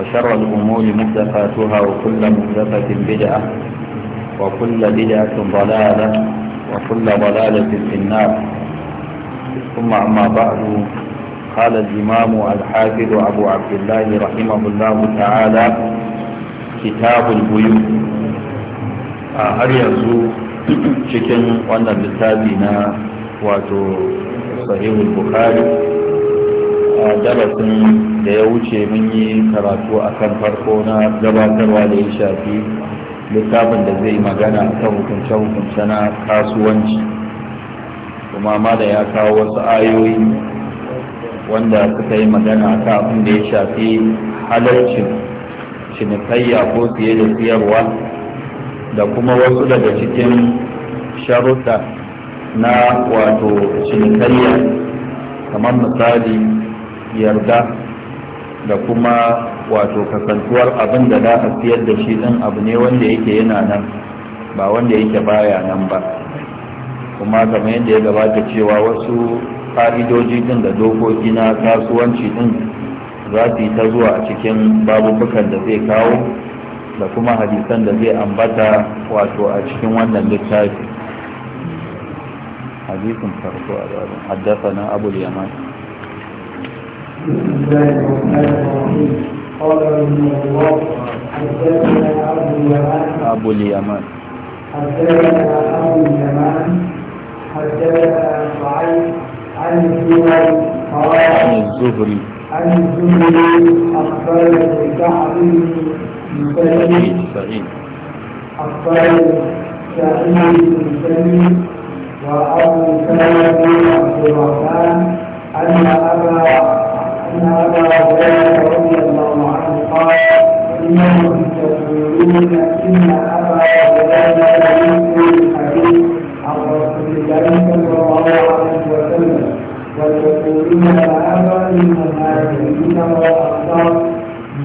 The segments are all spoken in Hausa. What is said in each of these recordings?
وشر الأمور مهدفاتها وكل مهدفة بدعة وكل بدعة ضلالة وكل ضلالة في النار ثم أما بعد قال الإمام الحافظ أبو عبد الله رحمه الله تعالى كتاب البيوت أريد يزول وانا wannan واتو na البخاري آه، درس da ya wuce mun yi karatu a kan farko na gabatarwa da ya shafi littafin da zai magana a kan hukunce-hukunce na kasuwanci kuma ma da ya kawo wasu ayoyi wanda suka yi magana a kafin da ya shafi halarcin cinikayya ko fiye da siyarwa da kuma wasu daga cikin sharuta na wato cinikayya kamar misali yarda da kuma wato kasantuwar abin da za a siyar da shi din abu ne wanda yake yana nan ba wanda yake baya nan ba kuma kamar yadda ya gabata cewa wasu ƙa'idoji ɗin da dokoki na kasuwanci ɗin za su yi ta zuwa a cikin babubukan da zai kawo da kuma hadisan da zai ambata wato a cikin wannan littafi حديث فرقوا haddasa na abu بسم الله الرحمن الرحيم قال رحمه الله حدثنا ابو اليمان ابو اليمان حدثنا ابو اليمان حدثنا شعيب الزهري قال عن الزهري عن الزهري اخبرني كعب بن سعيد اخبرني سعيد بن سعيد وابو سعيد بن عبد الرحمن ان ابا أن أبا هريرة رضي الله عنه قال إنهم تقولون إن أبا هريرة يذكر الحديث عن رسول الله صلى الله عليه وسلم وتقولون أبا للمهاجرين والأنصار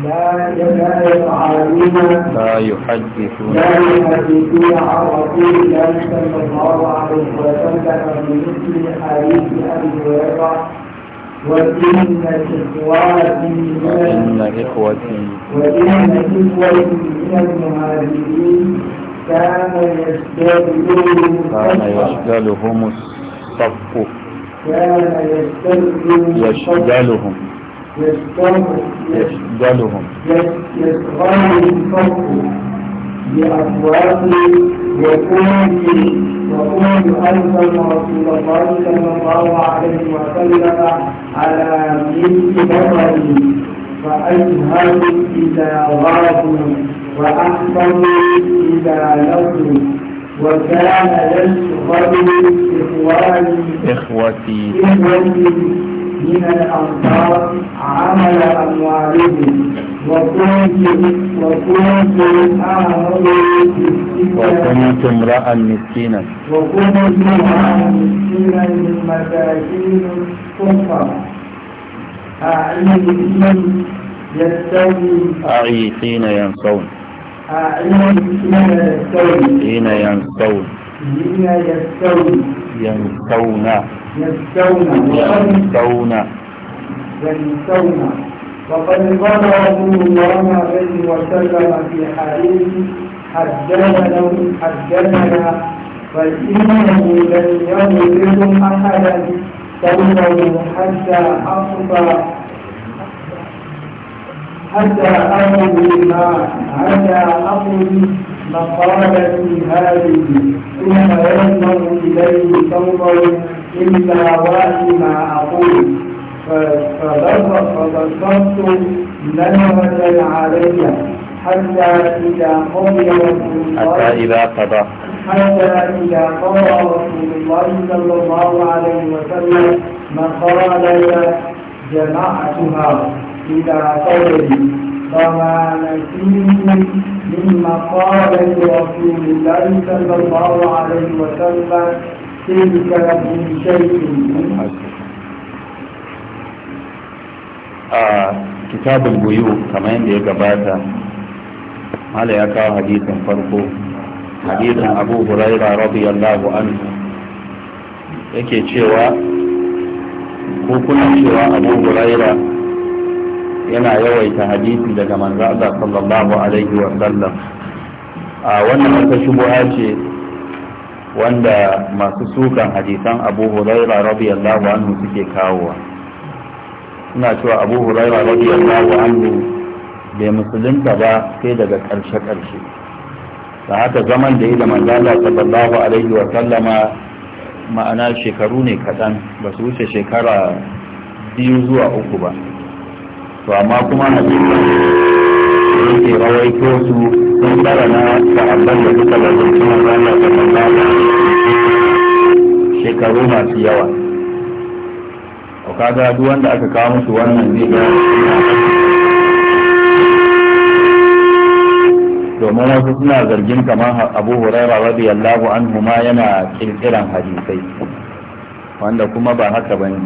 لا يفعلون لا يحدثون لا يحدثون عن رسول الله صلى الله عليه وسلم في مثل حديث ابي هريره وإن إخوتي وإن إخوتي من المهاجرين كان يشتغلهم الصف كان يشتغلهم يشتغلهم يشتغلهم يشتغلهم الصف بأصوات وكنت ألزم رسول الله صلى الله عليه وسلم على ملك بصري فأجهل إذا غابوا وأحسن إذا لووا وكان يشغل إخواني إخوتي إخوتي من الأنصار عمل أموالهم وكنت امرأ مسكينا وكنت امرأ مسكينا أعيثين يستوي أعيثين ينسون أعيثين يستوي حين ينسون حين يستوي ينسون ينسون ينسون ينسون وقد قال رسول الله عليه وسلم في حديث حدثنا حدثنا فإنه لن يظلم أحدا قوله حتى أصبح حتى أخذ ما حتى أخذ مقالتي هذه ثم ينظر إليه صوبه إلا وأي ما أقول فبصرت منهجا علي حتى إذا قضي رسول الله حتى إذا قضى حتى إذا قضى رسول الله صلى الله عليه وسلم مقالة جمعتها إلى قولي فما نسيت من مقالة رسول الله صلى الله عليه وسلم تلك من شيء a kitabul buyu kamar yadda ya gabata mala ya kawo hadisin farko hadisin abu huraira radiyallahu anhu yake cewa ko kuna cewa abu huraira yana yawaita hadisi daga manzo Allah sallallahu alaihi wa sallam a wannan wata shubuha ce wanda masu sukan hadisan abu huraira radiyallahu anhu suke kawowa suna cewa abu huraira radiyallahu anhu bai musulunta ba sai daga karshe-karshe. da haka zaman da yi da manzala sallallahu alaihi wa sallama ma'ana shekaru ne kaɗan ba su wuce shekara biyu zuwa uku ba to amma kuma na hadisan yake rawaito su sun fara na sahabban da suka lalata manzala sallallahu alaihi wa shekaru masu yawa kaga duk wanda aka kawo musu wannan zai ga domin wasu suna zargin kamar abu huraira radiyallahu anhu ma yana kirkiran hadisai wanda kuma ba haka bane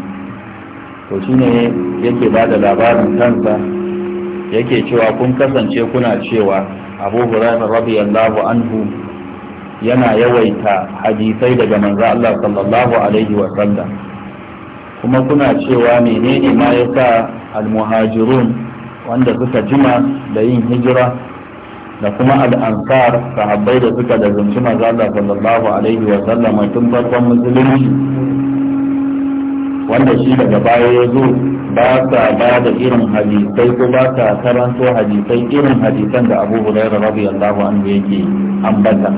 to shine yake ba da labarin kansa yake cewa kun kasance kuna cewa abu huraira radiyallahu anhu yana yawaita hadisai daga manzo Allah sallallahu alaihi wa sallam kuma kuna cewa menene ma ya sa almuhajirun wanda suka jima da yin hijira da kuma al'ansar sahabbai da suka da zunci mazala sallallahu alaihi wa sallam tun farkon musulunci wanda shi daga baya ya zo ba sa ba da irin hadisai ko ba sa karanto hadisai irin hadisan da abu hurairu radiyallahu anhu yake ambata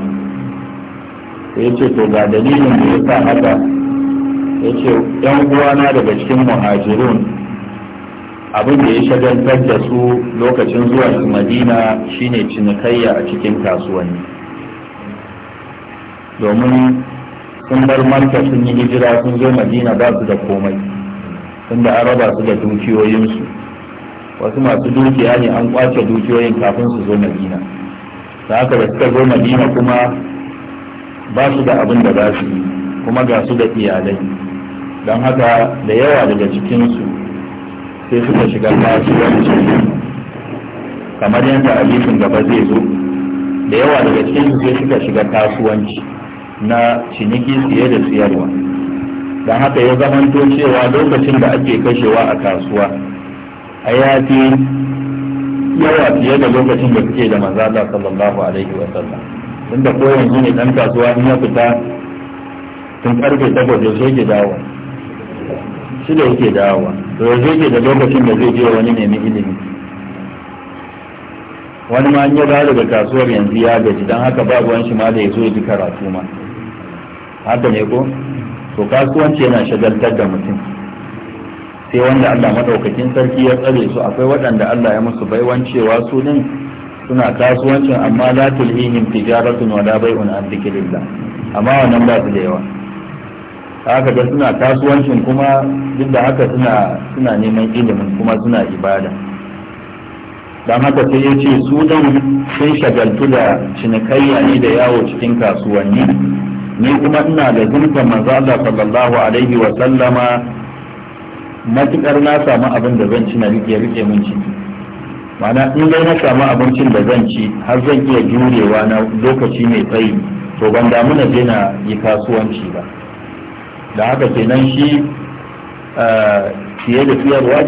sai ce to ga dalilin da ya sa haka ya ce ‘yan uwana daga cikin muhajirun abin da ya shagaltar da su lokacin zuwa madina shine cinikayya a cikin kasuwanni domin sun bar marka sun yi hijira sun zo madina ba su da komai tunda an raba su da dukiyoyinsu wasu masu dukiya ne an kwace dukiyoyin kafin su zo madina da haka da suka zo madina kuma ba su da abin da za su yi kuma ga su da iyalai don haka da yawa daga cikinsu sai suka shiga cikin kamar yadda abisun gaba zai zo da yawa daga cikinsu sai suka shiga kasuwanci na ciniki siye da siyarwa don haka ya zamanto cewa lokacin da ake kashewa a kasuwa a yafi yawa fiye da lokacin da suke da manzala sallallahu alaihi sallam tun da yanzu ne dan kasuwa in ya fita tun karfe takwas ya soke dawo da yake dawowa to yanzu yake da lokacin da zai je wani nemi ilimi wani ma an ya daga kasuwar yanzu ya gaji don haka ba ruwan shi ma da ya zo ya ji karatu ma haka ne ko to kasuwanci yana shagaltar da mutum sai wanda Allah madaukakin sarki ya tsare su akwai waɗanda Allah ya musu baiwan cewa su din suna kasuwancin amma la tulhihim tijaratun wala bai'un an dhikrillah amma wannan ba su da yawa haka ga suna kasuwancin kuma duk da haka suna suna neman ilimin kuma suna ibada don haka sai ya ce su dan sun shagaltu da cinikayya ne da yawo cikin kasuwanni ni kuma ina da zurfin manzo Allah sallallahu alaihi wa sallama matukar na samu abin da zan ci na rike rike mun ciki ma'ana in dai na samu abincin da zan ci har zan iya jurewa na lokaci mai tsayi to ban damu na je na yi kasuwanci ba da haka kenan shi fiye da siyarwa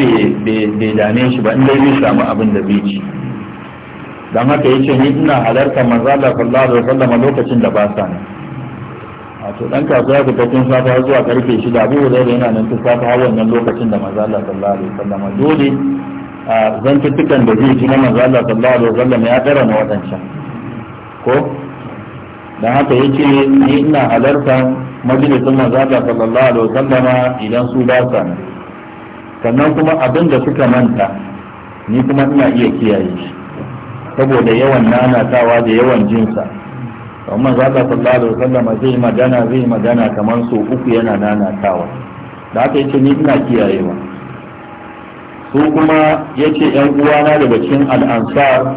bai dame shi ba inda zai samu abin da zai ci don haka ya ce ni ina halartar maza da sallallahu alaihi wasallam lokacin da ba sa To wato dan kasuwa ku tafin safa zuwa karfe shida abu da yana nan tun safa har wannan lokacin da maza da sallallahu alaihi wasallam dole a zantuttukan da zai ji na maza da sallallahu alaihi wasallam ya tara na wadancan ko don haka ya ce ni ina halarta majalisun manzata sallallahu alaihi wasallama idan su ba sa nan sannan kuma abin da suka manta ni kuma ina iya kiyaye shi saboda yawan nanatawa da yawan jinsa amma zaka sallallahu alaihi wasallama zai magana zai magana kamar su uku yana nanatawa da ya ce ni ina kiyayewa su kuma ce yan uwana daga cikin al'ansar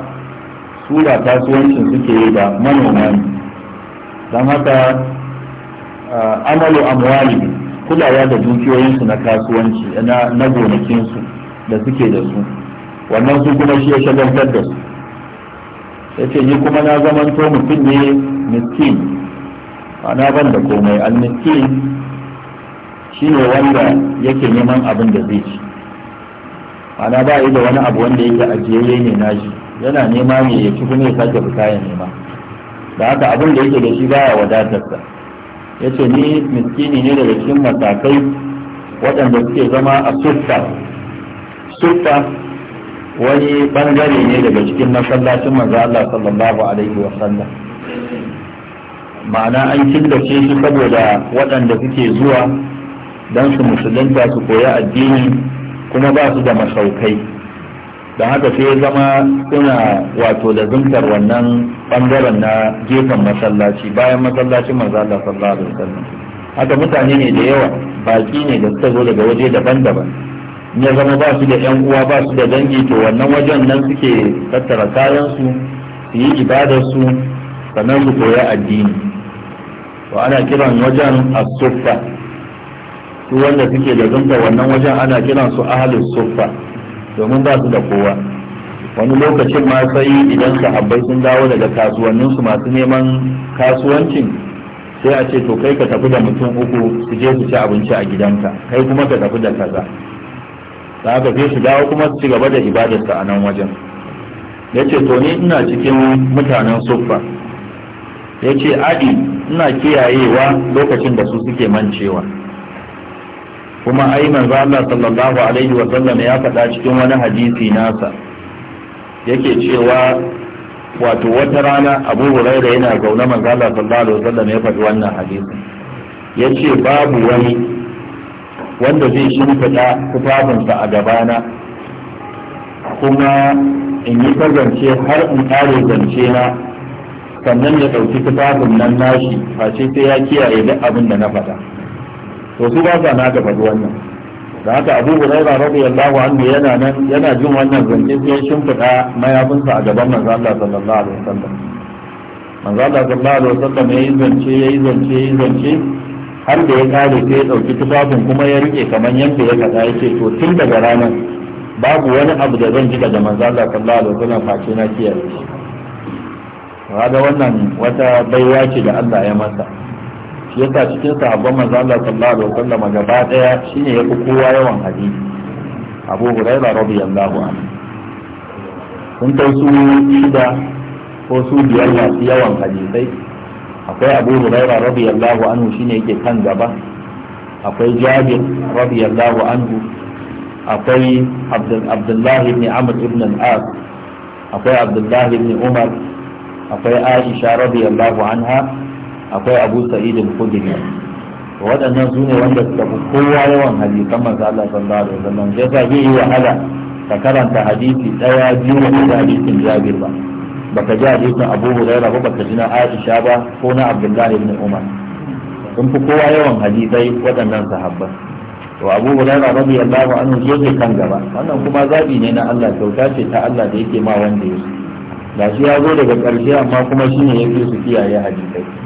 su da kasuwancin suke yi da manoma ne don haka amalu amwali kulawa da dukiyoyinsu na kasuwanci na gonakinsu da suke da su wannan su kuma shi ya shagaltar da su ya ni kuma na zamanto mutum ne miskin ana ban da komai al miskin shi ne wanda yake neman abin da zai ci ana ba da wani abu wanda yake ajiyayye ne na nashi yana nema ne ya ci kuma ya sake fita ya nema da haka abin da yake da shi baya wadatarsa ya ce ni miskini ne daga cikin matakai waɗanda suke zama a suffa suffa wani bangare ne daga cikin masallacin manzo Allah sallallahu alaihi wa sallam ma'ana an killace shi saboda waɗanda suke zuwa don su musulunta su koya addini kuma ba su da masaukai don haka sai zama suna wato da zumtar wannan bangaren na gefen masallaci bayan masallacin maza da sallallahu alaihi wasallam haka mutane ne da yawa baki ne da suka zo daga waje daban-daban ya zama ba su da yan uwa ba su da dangi to wannan wajen nan suke tattara kayan su su yi ibadar su sannan su koya addini to ana kiran wajen as-suffa su wanda suke da zumtar wannan wajen ana kiran su ahlus suffa domin ba su da kowa wani lokacin ma sai idan sahabbai sun dawo daga kasuwanninsu masu neman kasuwancin sai a ce to kai ka tafi da mutum uku su je su ci abinci a gidanka kai kuma ka tafi da kaza Za ka je su dawo kuma su ci gaba da ibadarsa a nan wajen ya ce to ni ina cikin mutanen suffa ya ce adi ina kiyayewa lokacin da su suke mancewa kuma ai manzo Allah sallallahu alaihi wa sallam ya faɗa cikin wani hadisi nasa yake cewa wato wata rana Abu Hurairah yana zaune manzo Allah sallallahu alaihi wa sallam ya faɗi wannan hadisi yace babu wani wanda zai shimfiɗa tufafinsa a gaba na. kuma in yi zance har in ƙare zance na sannan ya ɗauki tufafin nan nashi face sai ya kiyaye duk abin da na faɗa to su ba sa na ga faɗi wannan da haka abu huraira radiyallahu anhu yana nan yana jin wannan zance sai ya shimfiɗa mayafinsa a gaban manzo Allah sallallahu alaihi wasallam manzo Allah sallallahu alaihi wasallam yayi zance yayi zance yayi zance har da ya kare sai ya dauki tufafin kuma ya rike kamar yadda ya faɗa yace to tun daga ranar babu wani abu da zan ji daga manzo Allah sallallahu alaihi wasallam face na kiyaye shi ga wannan wata baiwa ce da Allah ya masa yasa cikin sahabban manzo Allah sallallahu alaihi wasallam gaba daya shine yafi kowa yawan hadisi Abu Hurairah radiyallahu anhu sun kai su shida ko su biyar masu yawan hadisai akwai Abu Hurairah radiyallahu anhu shine yake kan gaba akwai Jabir radiyallahu anhu akwai Abdullahi ibn Amr ibn al-As akwai Abdullahi ibn Umar akwai Aisha radiyallahu anha akwai abu sa'id al waɗannan su ne wanda suka fi kowa yawan hadisan manzo Allah sallallahu alaihi wasallam sai ka yi wahala ka karanta hadisi daya biyu da hadisin Jabir ba baka ji hadisin Abu Hurairah ba baka ji na Aisha ba ko na Abdullah ibn Umar sun fi kowa yawan hadisai waɗannan sahabban to Abu Hurairah radiyallahu anhu yake kan gaba wannan kuma zabi ne na Allah kyauta ce ta Allah da yake ma wanda ya da shi ya zo daga ƙarshe amma kuma shine yake su kiyaye hadisai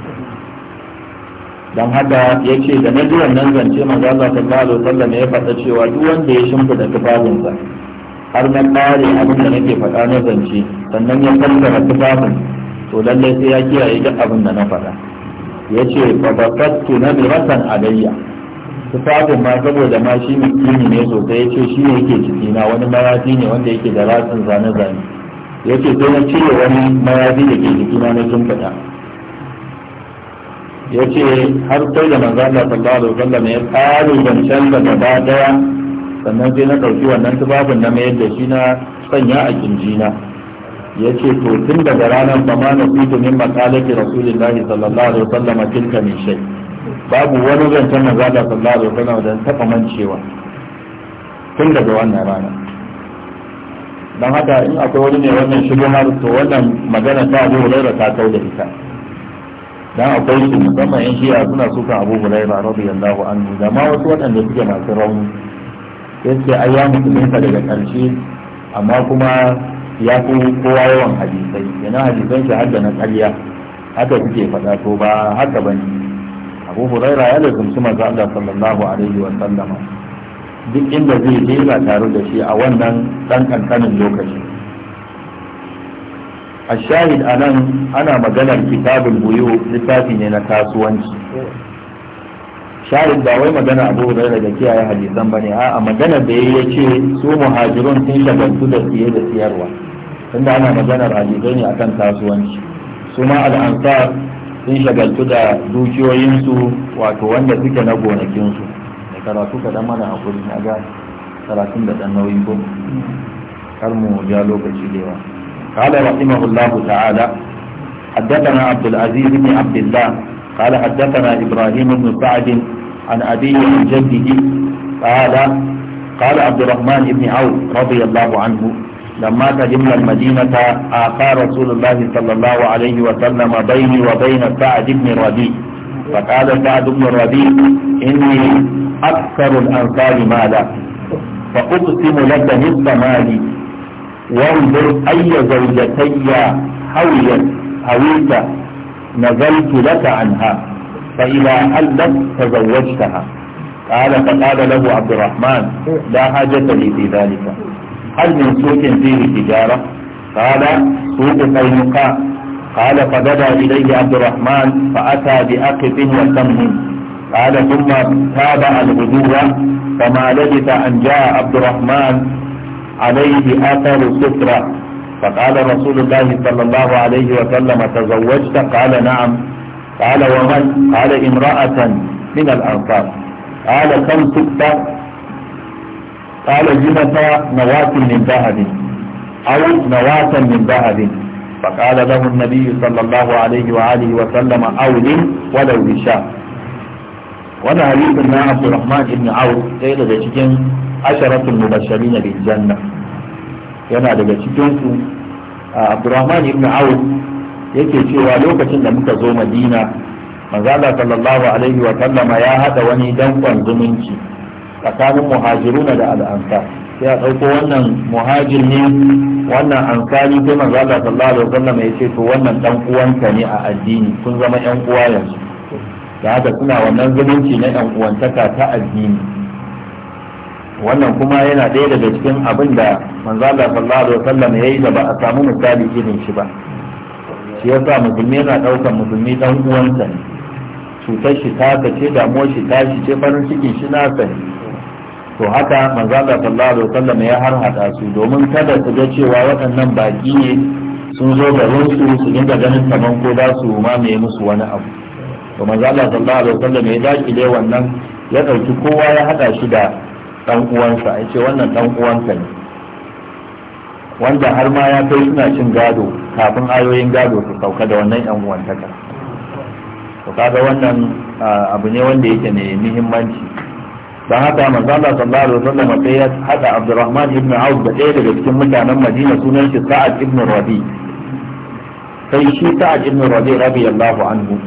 don haka ya ce da na ji wannan zance manzo Allah sallallahu alaihi ne ya faɗa cewa duk wanda ya shimfida tufafinsa har na ƙare abin da nake faɗa na zance sannan ya fassara tufafin to lallai sai ya kiyaye duk abin da na faɗa ya ce fafattu na biratan alayya tufafin ma saboda ma shi mutumi ne sosai ya ce shi ne yake cikina wani mayafi ne wanda yake da ratsin zane-zane ya ce sai na cire wani mayafi da ke jikina na shimfiɗa ya ce har sai da manzo Allah sallallahu alaihi wasallam ya ƙaru zancen da gaba daya sannan sai na ɗauki wannan tubabin na mayar da shi na sanya a kinjina ya ce to tun daga ranar ba ma na fito min makalaki rasulillahi sallallahu alaihi wasallam tilka min shay babu wani zancen manzo Allah sallallahu alaihi wasallam da taɓa mancewa tun daga wannan rana don haka in akwai wani ne wannan shigomar to wannan magana ta zo da ta kau da ita dan akwai su musamman yan shi'a suna sukan abu hulaira radiyallahu anhu da ma wasu waɗanda suke masu rauni yace ai ya musulunta daga ƙarshe amma kuma ya fi kowa yawan hadisai yana hadisan shi har na ƙarya haka suke faɗa to ba haka bane abu huraira ya lazumci manzo Allah sallallahu alaihi wa sallama duk inda zai je yana tare da shi a wannan dan kankanin lokaci a shahid a nan ana maganar kitabul buyu littafi ne na kasuwanci shahid ba wai magana abu da da kiyaye hadisan ba ne a maganar da ya yace su muhajirun sun shagaltu da siye da siyarwa tunda ana maganar hadisai ne akan kasuwanci su ma al'ansar sun shagaltu da dukiyoyinsu wato wanda suke na gonakinsu da karatu kaɗan mana hakuri na ga karatun da ɗan nauyi ko kar mu ja lokaci da yawa قال رحمه الله تعالى حدثنا عبد العزيز بن عبد الله قال حدثنا إبراهيم بن سعد عن أبيه عن جده قال قال عبد الرحمن بن عوف رضي الله عنه لما قدمنا المدينة آخى رسول الله صلى الله عليه وسلم بيني وبين سعد بن ربيع فقال سعد بن ربيع إني أكثر الأنصار مالا فأقسم لك نصف مالي وانظر أي زوجتي هويت هويت نزلت لك عنها فإذا حلت تزوجتها قال فقال له عبد الرحمن لا حاجة لي في ذلك هل من سوق فيه تجارة قال سوق قينقاع قال فبدا إليه عبد الرحمن فأتى بأقف وتمه قال ثم تابع الغدوة فما لبث أن جاء عبد الرحمن عليه اثر السفرة فقال رسول الله صلى الله عليه وسلم تزوجت قال نعم قال ومن قال امرأة من الأنصار قال كم سكت قال جبت نواة من ذهب أو نواة من ذهب فقال له النبي صلى الله عليه وآله وسلم أول ولو بشاء وانا حديث عبد الرحمن بن عوف سيد إيه، الشجن عشرة المبشرين بالجنة yana daga cikinsu abdurrahman ibn awud yake cewa lokacin da muka zo madina manzala sallallahu alaihi wa sallama ya hada wani dankon zumunci tsakanin muhajiruna da al'ansar sai a ɗauko wannan muhajir ne wannan ansari sai manzala sallallahu alaihi wa sallama ya ce to wannan dan uwanka ne a addini sun zama yan uwa yanzu da haka suna wannan zumunci na yan uwantaka ta addini wannan kuma yana ɗaya daga cikin abin da manzo Allah sallallahu alaihi wasallam yayi da ba a samu misali irin shi ba shi yasa musulmi yana ɗaukar musulmi dan uwansa ne cutar shi ta ce damuwar shi ta shi ce farin cikin shi na ne to haka manzo Allah sallallahu alaihi wasallam ya harhaɗa su domin kada su ga cewa waɗannan baki ne sun zo da su su dinga ganin kaman ko za su mai musu wani abu to manzo Allah sallallahu alaihi wasallam ya dace dai wannan ya ɗauki kowa ya haɗa shi da dan uwansa ya ce wannan dan uwansa ne wanda har ma ya kai suna cin gado kafin ayoyin gado su sauka da wannan yan uwantaka to kaga wannan abu ne wanda yake ne muhimmanci don haka manzo Allah sallallahu alaihi wasallam sai ya hada Abdurrahman ibn Auf da ɗaya daga cikin mutanen Madina sunan shi Sa'ad ibn Rabi sai shi Sa'ad ibn Rabi radiyallahu anhu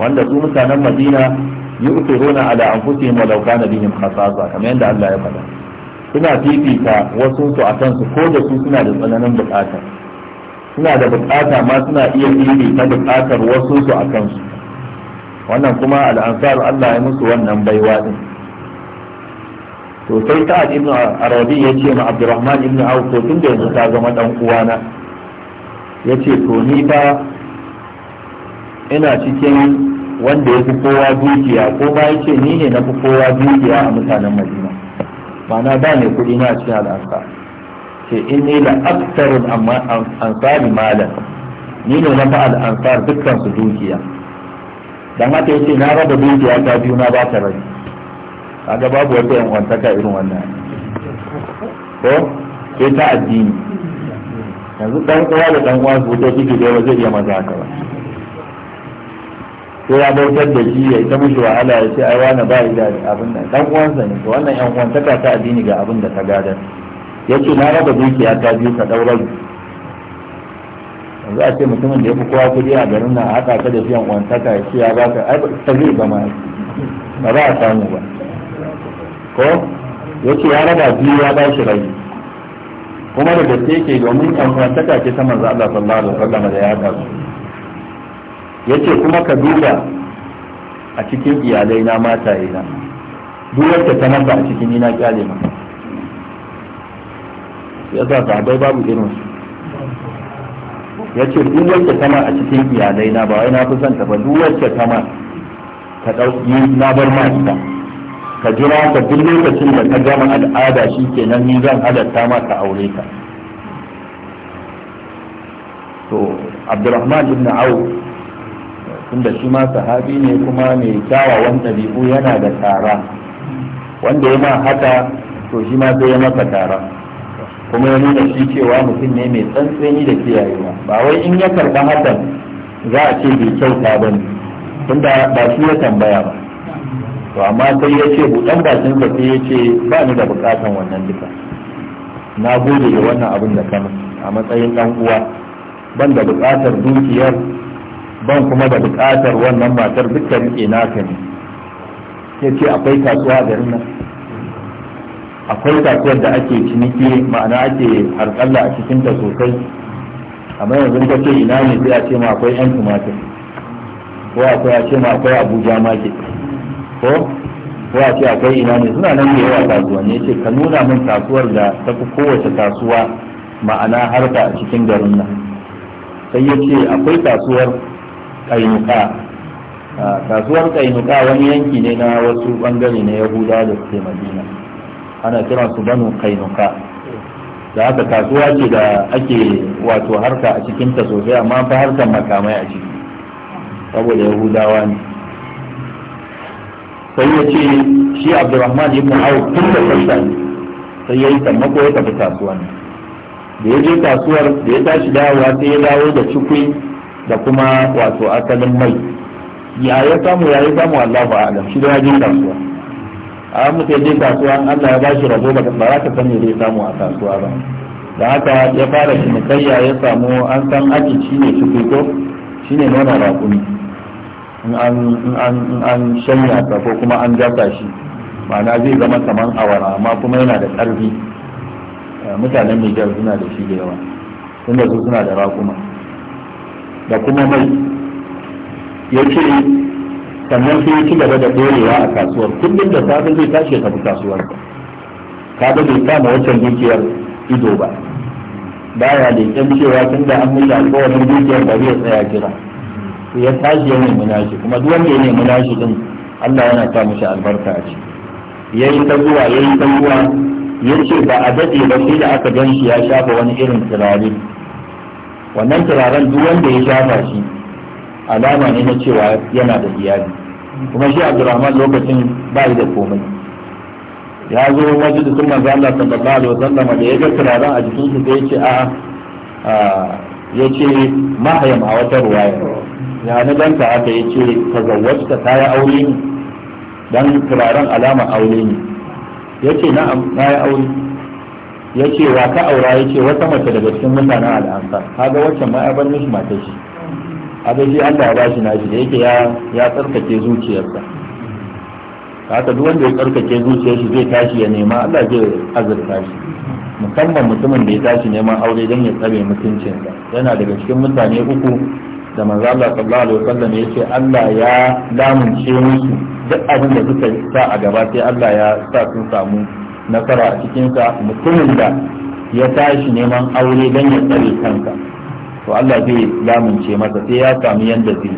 wanda su mutanen Madina yu'thiruna ala anfusihim walau kana bihim khasasa kamar yadda Allah ya faɗa suna fifita wasu su akan su ko da su suna da tsananin bukata suna da bukata ma suna iya fifita bukatar wasu su akan su wannan kuma al'ansar Allah ya musu wannan baiwa din to sai ta ibn arabi ya ce ma abdurrahman ibn auf to tun da yanzu ta zama dan uwana ya ce to ni fa ina cikin wanda ya fi kowa dukiya ko ba ya ce ni ne na fi kowa dukiya a mutanen madina ma'ana ba ne kuɗi na cikin al'asa ce in ne da aktarun ansari malam ni ne na fi al'ansar dukkan su dukiya dan haka yace na raba dukiya ta biyu na ba ta rai kaga babu wata yan wantaka irin wannan ko sai ta addini yanzu dan uwa da dan uwa su ta ciki da zai iya maza ka ba ko ya bautar da shi ya ita mishi wahala ya ce ai wani ba da abin da dan uwansa ne to wannan yan uwan ta ta addini ga abin da ta gadar yace na raba dukiya ta biyu ka daura yanzu a ce mutumin da ya fi kowa kudi a garin nan haka ka da fiyan kwantaka ya ce ya ba ka ai ta zai ba ma ba za a samu ba ko ya ce ya raba biyu ya ba shi rai kuma da gaske ke domin yan kwantaka ce ta manzo Allah sallallahu alaihi wasallam da ya haka su yace kuma ka duba a cikin iyalai na mataye na duk wacce ta masa a cikin ina kyale maka ya sa sahabbai babu irin su ya ce duk wacce tama a cikin iyalai na ba wai na kusan son ta ba duk wacce tama ka ɗauki na bar ma ita ka jira ka duk lokacin da ka gama al'ada shi kenan ni zan halatta ma ka aure ka to Abdulrahman ibn auf tunda shi ma sahabi ne kuma mai kyawawan ɗabi'u yana da tara wanda ya ma haka to shi ma sai ya masa tara kuma ya nuna shi cewa mutum ne mai tsantseni da kiyayewa ba wai in ya karɓa hakan za a ce bai kyauta ba ne tunda ba shi ya tambaya ba to amma sai ya ce buɗan sa sai ya ce ba ni da buƙatan wannan duka na gode da wannan abin da kama a matsayin ɗan uwa ban da buƙatar dukiyar ban kuma da bukatar wannan matar dukkan da rike naka ne ya ce akwai kasuwa garin nan akwai kasuwar da ake ciniki ma'ana ake harkalla a cikin ta sosai amma yanzu ka ce ina ne sai a ce ma akwai yan tumatir ko akwai a ce ma akwai abuja market ko ko a ce akwai ina ne suna nan da yawa kasuwa? ne ce ka nuna min kasuwar da ta fi kowace kasuwa ma'ana harka a cikin garin nan sai ya ce akwai kasuwar kainuka kasuwar kainuka wani yanki ne na wasu bangare na yahuda da suke madina ana kiran su banu kainuka da haka kasuwa ce da ake wato harka a cikinta sosai amma fa harkar makamai a ciki saboda yahudawa ne sai ya ce shi abdurrahman ibn auf tun da kasa ne sai ya yi sammako ya tafi kasuwa ne da ya je kasuwar da ya tashi dawowa sai ya dawo da cikui da kuma wato asalin mai ya ya samu ya ya samu Allahu a'lam shi da ya je kasuwa a mu ya je kasuwa Allah ya bashi rabo ba za ka san me zai samu a kasuwa ba da haka ya fara shi kai ya samu an san aji shine shi shine nonon rakumi in an shanya ta ko kuma an gasa shi ma'ana zai zama kamar awara amma kuma yana da ƙarfi eh, mutanen Nijar suna da shi da yawa tunda su suna da rakuma da kuma mai ya ce sannan sai ya ci gaba da ɗorewa a kasuwar kullum da safe zai tashi ya tafi kasuwar ka da bai kama wancan dukiyar ido ba baya leƙen cewa tun da an mutu alƙawarin dukiyar ba zai tsaya jira ya tashi ya nemi nashi kuma duk wanda ya nemi nashi din Allah yana ta mishi albarka a ciki yayi ta zuwa yayi ta zuwa yace ba a dade ba sai da aka gan shi ya shafa wani irin turare wannan turaren duk wanda ya shafa shi alama ne na cewa yana da iyali kuma shi abdurrahman lokacin ba da komai ya zo sun manzo Allah sallallahu alaihi wasallam da ya ga turaren a jikin su sai ya ce a ya ce mahayam a wata ruwaya ya na danta aka ya ce ka ta yi aure ne dan turaren alama aure ne ya ce na'am ta yi aure ce wa ka aura yace wata mace daga cikin mutanen al'ansar kaga wacce ma ya bar mishi mata shi kaga shi Allah ya bashi nashi da yake ya ya tsarkake zuciyarsa haka duk wanda ya tsarkake zuciyar shi zai tashi ya nema Allah zai azurta shi musamman mutumin da ya tashi neman aure don ya tsare mutuncinsa yana daga cikin mutane uku da manzo Allah sallallahu alaihi wasallam ya ce Allah ya lamunce musu duk abin da suka sa a gaba sai Allah ya sa sun samu nasara a cikinsa mutumin da ya tashi neman aure don ya tsare kanka, to Allah zai lamunce masa sai ya sami yanda zai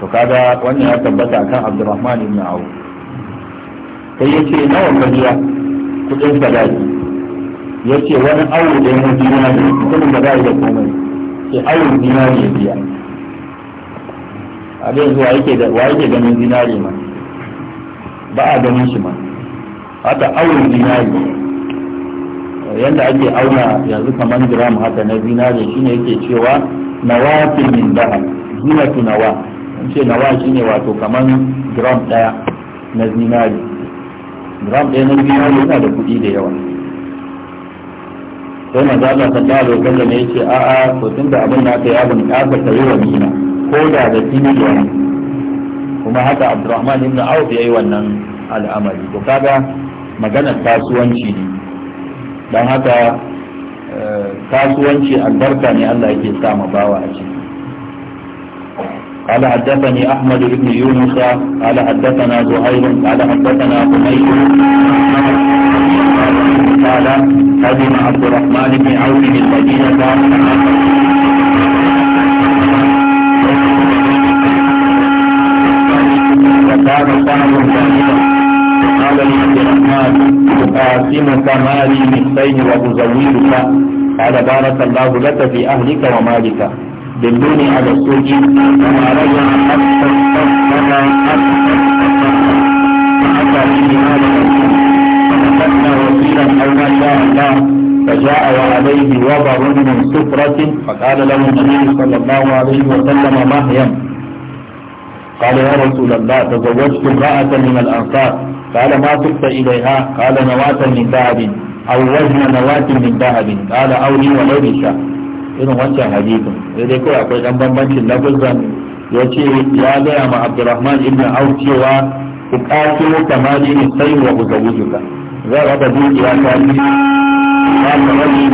to kaga wannan ya tabbata kan Abdurrahman ibn Auf sai ya ce nawa kariya kudin sadaki ya ce wani awo da ya dina ne kudin da zai da komai sai aure dina ne ya biya a da yanzu yake ganin dinari ma ba a ganin shi ma Hata auren zinari yadda ake auna yanzu kamar gram haka na zinari shine yake cewa nawa min dahab zinatu nawa an ce nawa shine wato kamar gram daya na zinari gram daya na zinari yana da kuɗi da yawa sai manzo Allah sallallahu alaihi wasallam ya ce a'a to da abin da aka yi abin ka yi wa mina ko da da kini da kuma haka Abdurrahman ibn Auf yayi wannan al'amari to kaga maganar kasuwanci ne don haka kasuwanci albarka ne Allah yake sa ma bawa a ciki قال حدثني أحمد بن يونس قال حدثنا زهير قال حدثنا حميد قال قدم عبد الرحمن بن عوف المدينة وكان صاحب قال الرحمن أقاسمك مالي نصفين وأزوجك قال بارك الله لك في أهلك ومالك دلوني على السوق وما رجع حتى استغفر حتى به هذا فنفذنا وسيلا أو ما شاء فجاء وعليه وبر من سفرة فقال له النبي صلى الله عليه وسلم مهيا قال يا رسول الله تزوجت امرأة من الأنصار قال ما تبت إليها قال نواة من ذهب أو وزن نواة من ذهب قال أولي ولو بشاء irin wancan hadisin sai dai kawai akwai dan bambancin lafazan ya ce ya gaya ma abdulrahman ibn auf cewa ku kafiru kamari ne sai wa uzawujuka za raba dukiya ta ni ba ka rabi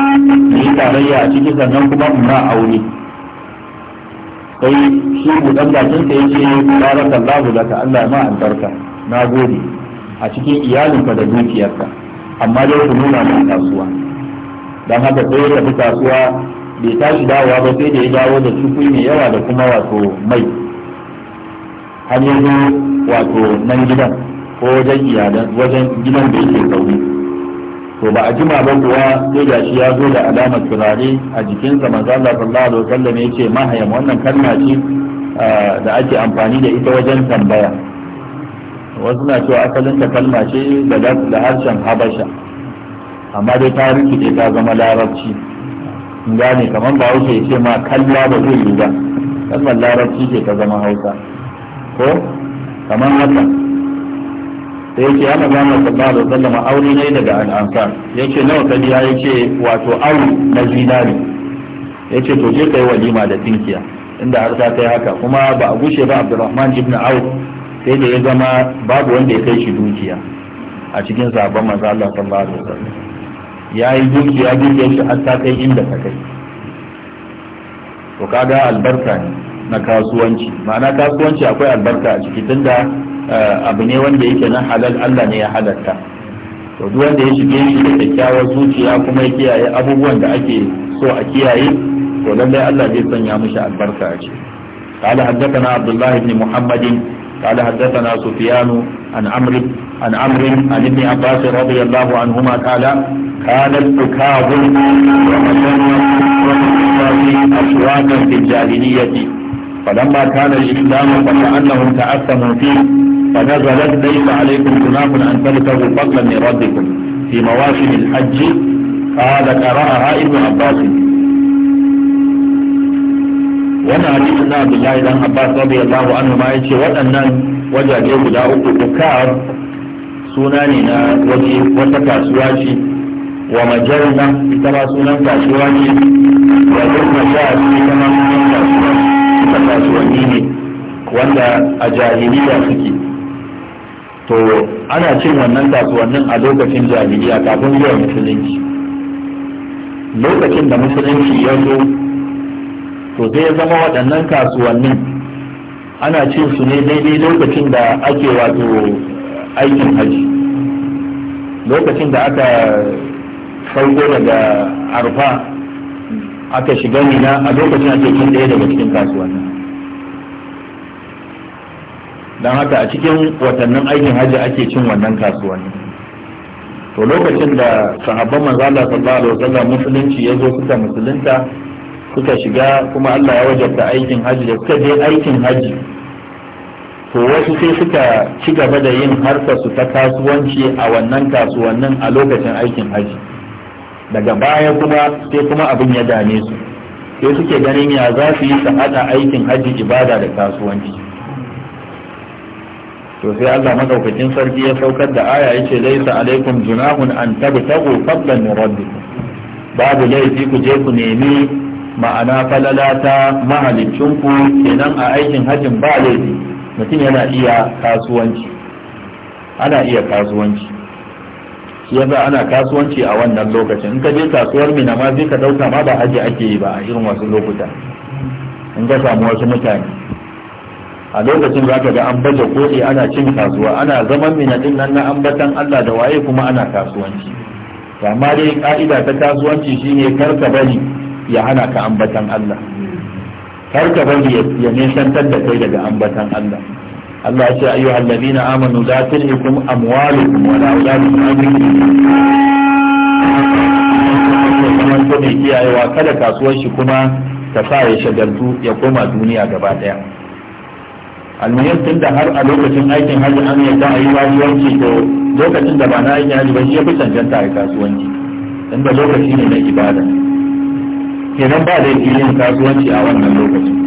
ni tarayya a cikin sannan kuma in ba aure sai shi budan bakin sa yace barakallahu daga Allah ma albarka na gode a cikin iyalinka da dukiyarka amma dai ku nuna mai kasuwa don haka sai ya tafi kasuwa bai tashi dawowa ba sai da ya dawo da cikin mai yawa da kuma wato mai har yanzu wato nan gidan ko wajen iyalan wajen gidan da yake zaune to ba a jima ba kuwa sai da shi ya zo da alamar turare a jikinsa manzo Allah sallallahu alaihi wasallam yace ce mahayam wannan kalma ce ah, da ake amfani da ita wajen tambaya wasu na cewa asalin ta kalma ce da harshen habasha amma dai ta rikice ta zama larabci gane kamar ba hausa ce ma kalla ba zai yi ba kalmar larabci ce ta zama hausa ko kamar haka da yake ana zama mai ba da sallama aure ne daga al'ansar ce nawa kan ya ce wato aure na zinari ce to je ka yi walima da tinkiya inda har ta kai haka kuma ba a gushe ba Abdulrahman ibn Auf sai da ya zama babu wanda ya kai shi dukiya a cikin sabon Allah sallallahu alaihi ya yi dukiya dukiya shi har ta kai inda ta kai to kaga albarka ne na kasuwanci ma'ana kasuwanci akwai albarka a ciki tunda eh, abu ne wanda yake na halal Allah ne ya halatta to duk wanda ya shige shi da kyakkyawar zuciya kuma ya kiyaye abubuwan da ake so a kiyaye to lallai Allah zai sanya mishi albarka a ciki قال حدثنا عبد الله بن قال حدثنا سفيان عن عمرو عن عمرو عن ابن عباس رضي الله عنهما قال كانت تكاب أشواكا في الجاهلية فلما كان الإسلام فكأنهم تأثموا فيه فنزلت ليس عليكم جناح أن تلتغوا فضلا من ربكم في مواسم الحج قال قرأها ابن عباس wannan hadisi na Abdullahi dan Abbas radiyallahu anhu ma yace waɗannan wajaje guda uku Bukar suna ne na waje wata kasuwa ce wa majalla ita ma sunan kasuwa ne wa zurna sha ita ma sunan kasuwa ita kasuwanni ne wanda a jahiliya suke to ana cin wannan kasuwannin a lokacin jahiliya kafin zuwa musulunci lokacin da musulunci ya zo to zai zama waɗannan kasuwannin ana cin su ne daidai lokacin da ake wato aikin haji lokacin da aka farko daga arfa aka shiga mina a lokacin ake cin ɗaya daga cikin kasuwannin don haka a cikin watannin aikin hajji ake cin wannan kasuwannin to lokacin da sahabban manzala sallallahu alaihi wasallam musulunci ya zo suka musulunta suka shiga kuma Allah ya wajabta aikin haji da suka je aikin haji to wasu sai suka ci gaba da yin harkar su ta kasuwanci a wannan kasuwannin a lokacin aikin haji daga baya kuma sai kuma abin ya dame su sai suke ganin ya za su yi sa'ada aikin haji ibada da kasuwanci to sai Allah madaukakin sarki ya saukar da aya yace laisa alaikum junahun an tabtagu fadlan rabbikum babu laifi ku je ku nemi ma'ana falala ta mahalicinku kenan a aikin hajjin ba laifi mutum yana iya kasuwanci ana iya kasuwanci shi yasa ana kasuwanci a wannan lokacin in ka je kasuwar mina ma sai ka dauka ma ba haji ake yi ba a irin wasu lokuta in ka samu wasu mutane a lokacin za ka ga an baje koɗi ana cin kasuwa ana zaman mina din nan na ambatan Allah da waye kuma ana kasuwanci amma dai ka'ida ta kasuwanci shine kar ka bari ya hana ka ambatan Allah kar ka bari ya nisantar da kai daga ambatan Allah Allah ya ce ayu allazina amanu la tulhikum amwalukum wa la auladukum an zikrillah mai kiyayewa kada kasuwar shi kuma ta sa ya shagaltu ya koma duniya gaba daya almuhim tun da har a lokacin aikin hajji an yadda a yi kasuwanci to lokacin da ba na aikin hajji ba shi ya fi cancanta a kasuwanci inda lokaci ne na ibada kenan ba da yake yin kasuwanci a wannan lokacin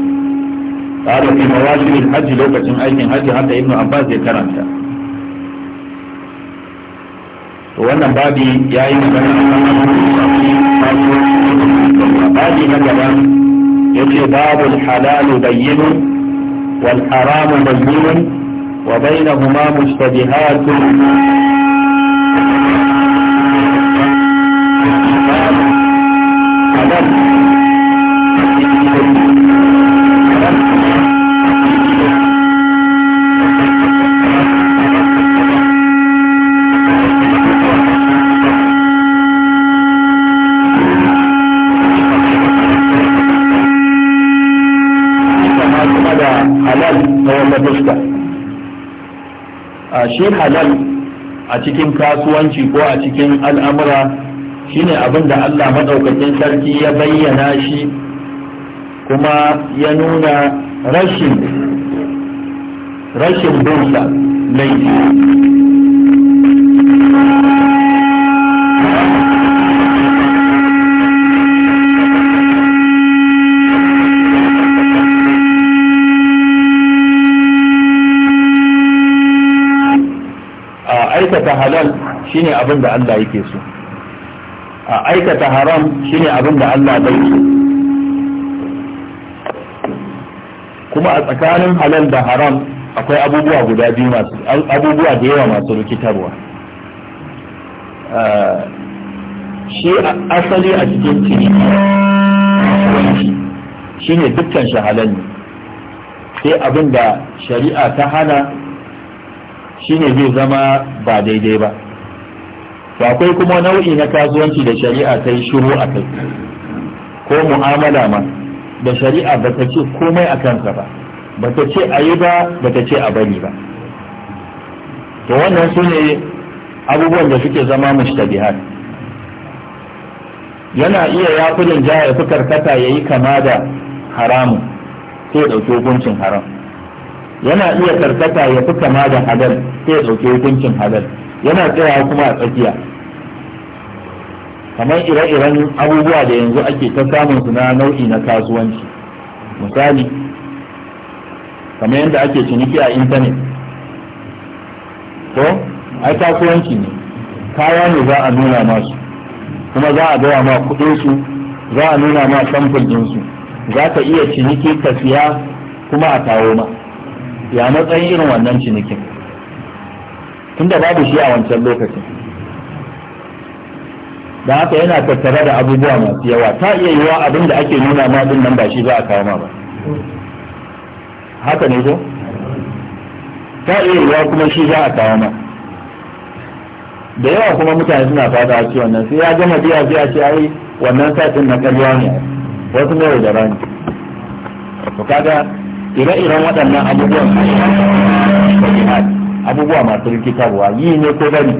qala fi mawashil hajji lokacin aikin hajji haka ibnu abbas zai karanta to wannan babi ya yi magana babi na gaba ya ce babu halal bayyinun wal haram bayyinun wa bainahuma mustabihatun shi halal a cikin kasuwanci ko a cikin al'amura shine abin da Allah maɗaukakin sarki ya bayyana shi kuma ya nuna rashin rashin bunsa laifi aikata halal shine abin da Allah yake so a aikata haram shine abin da Allah bai so kuma a tsakanin halal da haram akwai abubuwa guda biyu masu abubuwa da yawa masu rikitarwa shi asali a cikin ciniki shine dukkan shi ne sai abin da shari'a ta hana shine zai zama ba daidai ba to akwai kuma nau'i na kasuwanci da shari'a ta yi shiru a kai ko mu'amala ma da shari'a ba ta ce komai a kansa ba ba ta ce a yi ba ba ta ce a bari ba to wannan su ne abubuwan da suke zama mushtabihat yana iya ya kudin ja ya ya yi kama da haramun sai ya ɗauki hukuncin haram yana iya karkata ya fi kama da hadal sai ya ɗauki hukuncin hadal yana tsayawa kuma a tsakiya kamar ire-iren abubuwa da yanzu ake ta samun su na nau'i na kasuwanci misali kamar yadda ake ciniki a intanet To ai kasuwanci ne kaya ne za a nuna masu kuma za a gaya ma su, za a nuna ma samfur ɗinsu za ka iya ciniki ka siya kuma a kawo ma ya matsayin irin wannan cinikin tunda babu shi a wancan lokacin da haka yana tattare da abubuwa masu yawa ta iya yiwa abin da ake nuna ma din nan ba shi za a kawo ma ba haka ne ko ta iya yiwa kuma shi za a kawo ma da yawa kuma mutane suna fata a ce wannan sai ya gama biya biya ce ai wannan satin na karyawa ne wasu mai da rani to kaga ire-iren waɗannan abubuwan abubuwa masu rikitarwa yi ne ko bari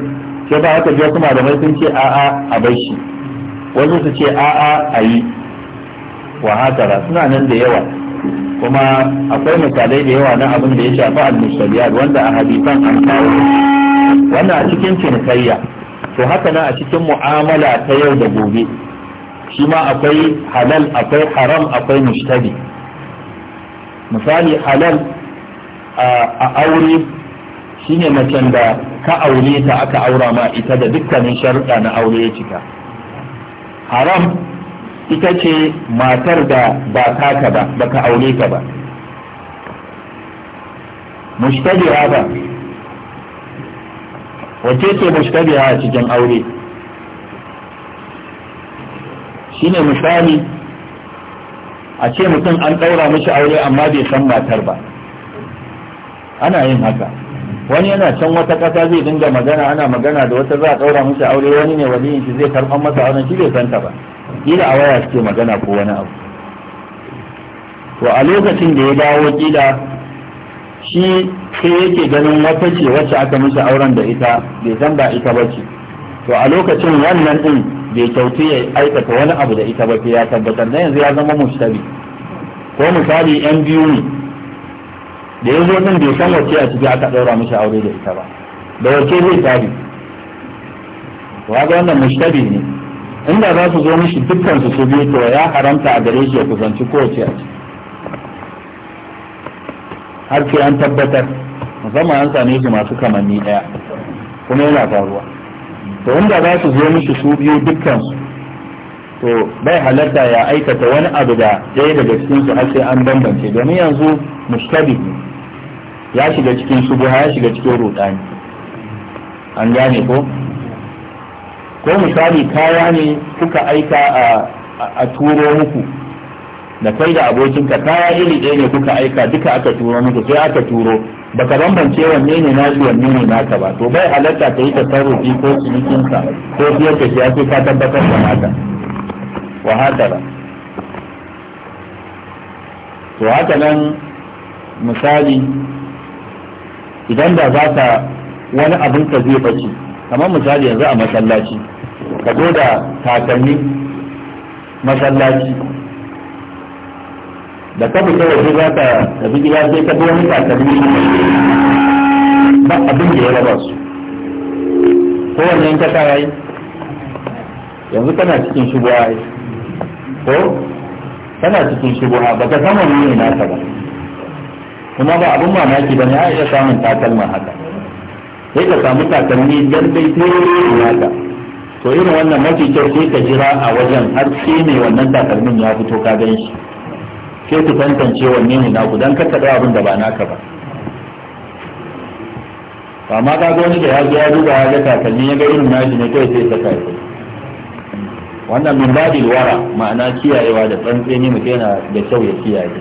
sai ba haka wasu malamai sun ce a'a a bai shi wasu su ce a'a a yi wa suna nan da yawa kuma akwai misalai da yawa na abin da ya shafi al-mustaliyat wanda a hadisan an kawo wannan a cikin cinikayya to haka nan a cikin mu'amala ta yau da gobe shi ma akwai halal akwai haram akwai mushtabi misali halal a aure shine macen da ka aure ta aka aura ma ita da dukkanin sharuɗa na aure ya cika haram ita ce matar da ba taka ba ka aure ta ba mushtabiha ba wace ce mushtabiha cikin aure shine misali a ce mutum an ɗaura mishi aure amma bai san matar ba ana yin haka wani yana can wata ƙasa zai dinga magana ana magana da wata za a ɗaura mishi aure wani ne yin shi zai karɓar masa auren shi bai san ta ba kila a waya suke magana ko wani abu to a lokacin da ya dawo kila shi sai yake ganin wata ce wacce aka mishi auren da ita bai san ba ita ba ce to a lokacin wannan din bai kyautu ya aikata wani abu da ita ba sai ya tabbatar na yanzu ya zama mushtabi ko misali yan biyu ne da ya zo din bai san wace a ciki aka ɗaura mishi aure da ita ba da wace zai tabi to ga wannan mushtabi ne inda za su zo mishi dukkan su su biyu to ya haramta a gare shi ya kusanci kowace a ciki har sai an tabbatar musamman an same su masu kamanni ɗaya kuma yana faruwa to wanda za su zo musu su biyu dukkan to bai halarta ya aikata wani abu da ɗaya daga cikin su har sai an bambance domin yanzu mustabi ya shiga cikin shubuha ya shiga cikin rudani an gane ko ko misali kaya ne kuka aika a turo muku da kai da abokinka kaya iri ɗaya ne kuka aika duka aka turo muku sai aka turo baka bambance wanne ne na shi wanne ne naka ba to bai halatta ka yi tasarrufi ko cinikinsa ko biyar da shi ka tabbatar da haka wa hadara to haka nan misali idan da za ka wani abin ka zai bace kamar misali yanzu a masallaci ka zo da takalmi masallaci da ka kawai waje za ka tafi gida sai ka bi wani takalmi ba abin da ya raba su Ko wanne ka sa yanzu kana cikin shigo a yi ko kana cikin shigo ba ka sama wani ne ta ba kuma ba abin mamaki ba ne a iya samun takalma haka sai ka samu takalmi dan dai ne ka. to irin wannan mafi kyau sai ka jira a wajen har sai mai wannan takalmin ya fito ka gan shi sai ku tantance wanne ne naku dan kar ka ɗau abin da ba naka ba amma ka ga wani da ya zo ya duba ya ga takalmi ya ga irin naji ne kai sai ta kai wannan min babil wara ma'ana kiyayewa da ne mutum yana da kyau ya kiyaye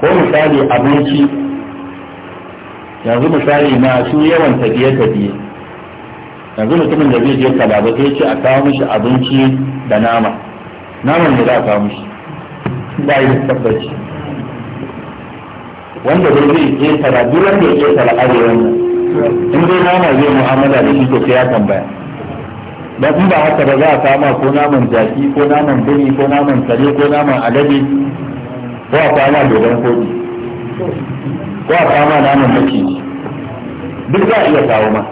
ko misali abinci yanzu misali na su yawan tafiye-tafiye yanzu mutumin da zai je kalaba sai ce a kawo mishi abinci da nama naman da za a kawo mishi ba yi tabbaci wanda dai zai ƙetara duk wanda ya ƙetara arewa in dai nama zai mu'amala da shi to sai ya tambaya ba in ba haka ba za a kama ko naman jaki ko naman buri ko naman kare ko naman alade ko a kama dogon koɗi ko a kama naman maciji duk za a iya kawo ma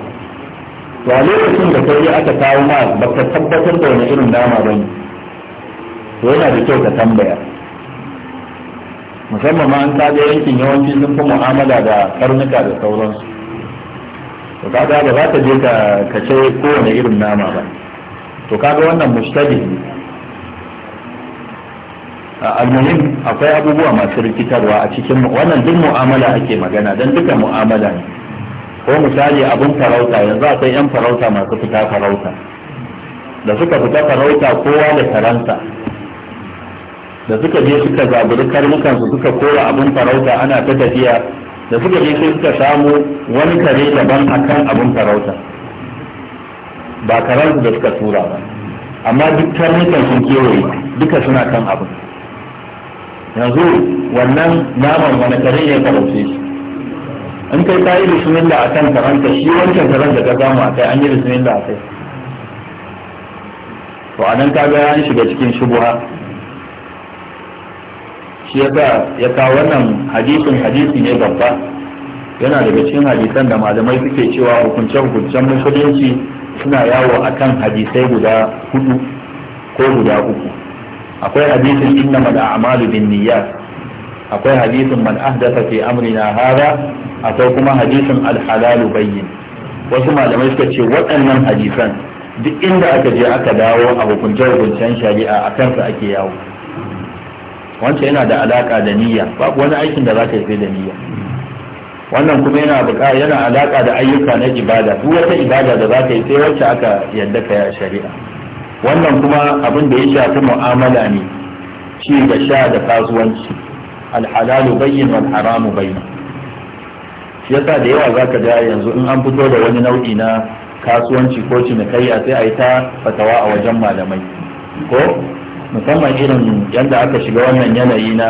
to a lokacin da kai aka kawo ma ba ka tabbatar da wani irin nama ba ne to yana da kyau ka tambaya musamman ma an kaga yankin yawanci sun fi mu'amala da karnuka da sauransu to kaga ba za ka je ka kace kowane irin nama ba to kaga wannan mustahi almuhim akwai abubuwa masu rikitarwa a cikin wannan duk mu'amala ake magana dan duka mu'amala ne ko misali abin farauta yanzu akwai yan farauta masu fita farauta da suka fita farauta kowa da karansa da suka je suka zaburi karnukansu suka kora abin farauta ana ta tafiya da suka je sai suka samu wani kare daban akan abin farauta ba karansu da suka tura ba amma duk karnukan sun kewaye duka suna kan abin yanzu wannan naman wani kare ya farauce shi in kai ka yi bismillah a kan karanta shi wancan karan da ka samu a kai an yi bismillah a kai to a nan kaga ya shiga cikin shubuha shi yasa ya kawo wannan hadisin hadisi ne babba yana daga cikin hadisan da malamai suke cewa hukuncin hukuncen musulunci suna yawo akan hadisai guda hudu ko guda uku akwai hadisin innama da amalu bin niyyat akwai hadisin man ahdatha fi amrina hada akwai kuma hadisin alhalalu bayyin wasu malamai suka ce waɗannan hadisan duk inda aka je aka dawo a hukuncin hukuncen shari'a akan su ake yawo wancan yana da alaka da niyya babu wani aikin da za ka yi da niyya wannan kuma yana buƙa yana alaka da ayyuka na ibada duk wata ibada da za ka yi sai wacce aka yadda ka yi shari'a wannan kuma abin da ya shafi mu'amala ne ci da sha da kasuwanci alhalalu bayyin wal haramu bayyin shi yasa da yawa za zaka ga yanzu in an fito da wani nau'i na kasuwanci ko cinikayya sai a yi ta fatawa a wajen malamai ko musamman irin yadda aka shiga wannan yanayi na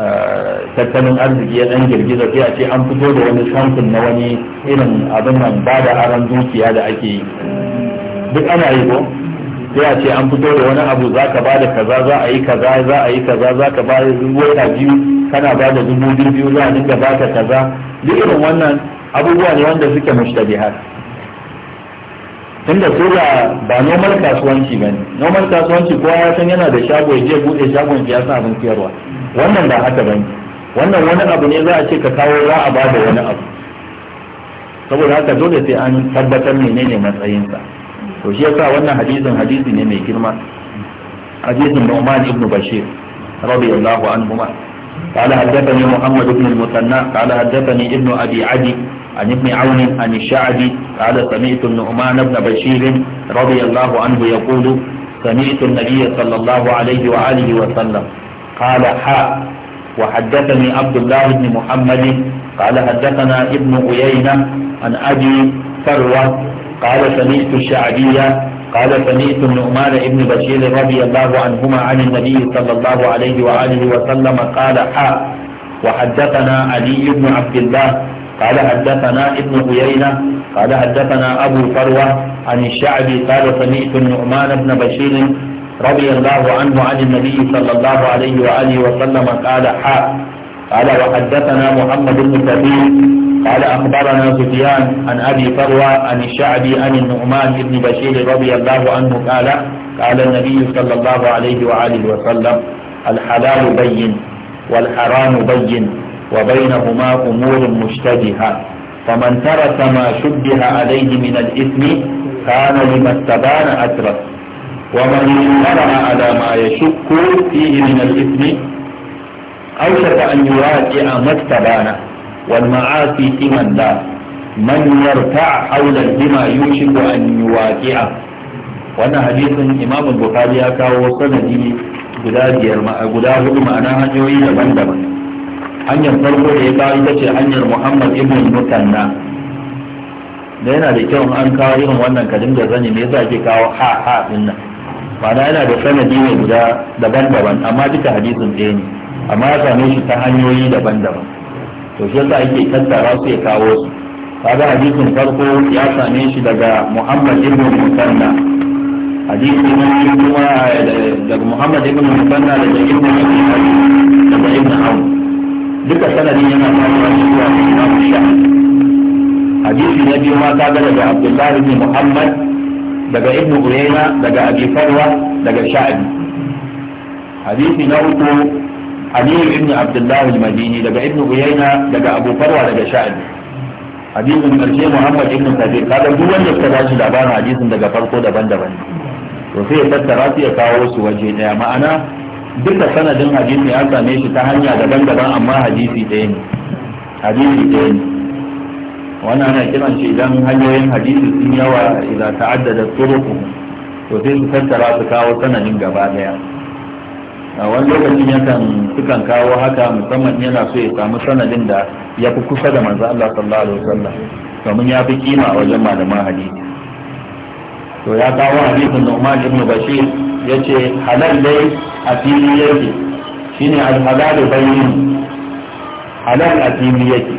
eh, tattalin arziki ya ɗan girgiza sai a ce an fito da wani samfin na wani irin abin nan ba da aron dukiya da ake yi duk ana yi ko sai a ce an fito da wani abu za ka ba da kaza za a yi kaza za a yi kaza za ka ba da wata biyu kana ba da dubu biyu za a dinga ba ka kaza duk irin wannan abubuwa ne wanda suke mushtabihat tunda ko ba normal kasuwanci ba ne normal kasuwanci kowa ya san yana da shago ya je buɗe shagon ya san abin siyarwa wannan ba haka ba ne wannan wani abu ne za a ce ka kawo za a ba da wani abu saboda haka dole sai an tabbatar menene matsayinsa to shi yasa wannan hadisin hadisi ne mai girma hadisin Nu'man ibn Bashir radiyallahu anhuma قال حدثني محمد بن المثنى قال حدثني ابن ابي عدي عن ابن عون عن الشعبي قال سمعت النعمان بن بشير رضي الله عنه يقول سمعت النبي صلى الله عليه وآله وسلم قال حاء وحدثني عبد الله بن محمد قال حدثنا ابن عيينة عن أبي فروة قال سمعت الشعبية قال سمعت النعمان بن بشير رضي الله عنهما عن النبي صلى الله عليه وآله وسلم قال حاء وحدثنا علي بن عبد الله قال حدثنا ابن عيينة قال حدثنا أبو فروة عن الشعبي قال سمعت النعمان بن بشير رضي الله عنه عن النبي صلى الله عليه وآله وسلم قال حا قال وحدثنا محمد بن كثير قال أخبرنا سفيان عن أبي فروة عن الشعبي عن النعمان بن بشير رضي الله عنه قال قال النبي صلى الله عليه وآله وسلم الحلال بين والحرام بين وبينهما أمور مشتبهة فمن ترك ما شبه عليه من الإثم كان لما استبان أترف ومن اطلع على ما يشك فيه من الإثم أوشك أن يراجع ما استبان والمعاصي سمن لا من يرتع حول الذمى يوشك أن يواجعه wannan حديث imam البخاري ya kawo بلادي guda biyar guda hudu ma'ana hanyoyi hanyar farko da ya kawo ita ce hanyar muhammad ibn mutanna da yana da kyau an kawo irin wannan kadin da zani me yasa ake kawo ha ha din nan ma'ana yana da sanadi ne guda daban-daban amma duka hadisin ɗaya ne amma ya same shi ta hanyoyi daban-daban to shi yasa ake tattara su ya kawo su kaga hadisin farko ya same shi daga muhammad ibn musanna hadisi na biyu kuma eh, daga muhammad ibn musanna daga ibn abi daga ibn abu duka sanadin yana faruwa zuwa ga Imam Shafi hadisi na biyu ma ta ga daga Abdullahi bin Muhammad daga ibnu Uyayna daga Abi Farwa daga Sha'bi hadisi na uku Amir ibn Abdullah al-Madini daga ibnu Uyayna daga Abu Farwa daga Sha'bi hadisin karshe Muhammad ibn Kathir kaga duk wanda suka dace labarin hadisin daga farko daban-daban to sai ya tattara su ya kawo su waje daya ma'ana duka sanadin hadisi an same shi ta hanya daban-daban amma hadisi ɗaya ne hadisi ɗaya ne wannan ana kiran shi idan hanyoyin hadisi sun yawa idan ta'addada turuku to sai su tattara su kawo sanadin gaba daya a wani lokacin yakan sukan kawo haka musamman yana so ya samu sanadin da ya fi kusa da manzo Allah sallallahu alaihi wasallam domin ya fi kima a wajen malaman hadisi to ya kawo hadisin Umar ibn Bashir ya ce halal dai a fili yake shi ne alhalalu bayyani halal a fili yake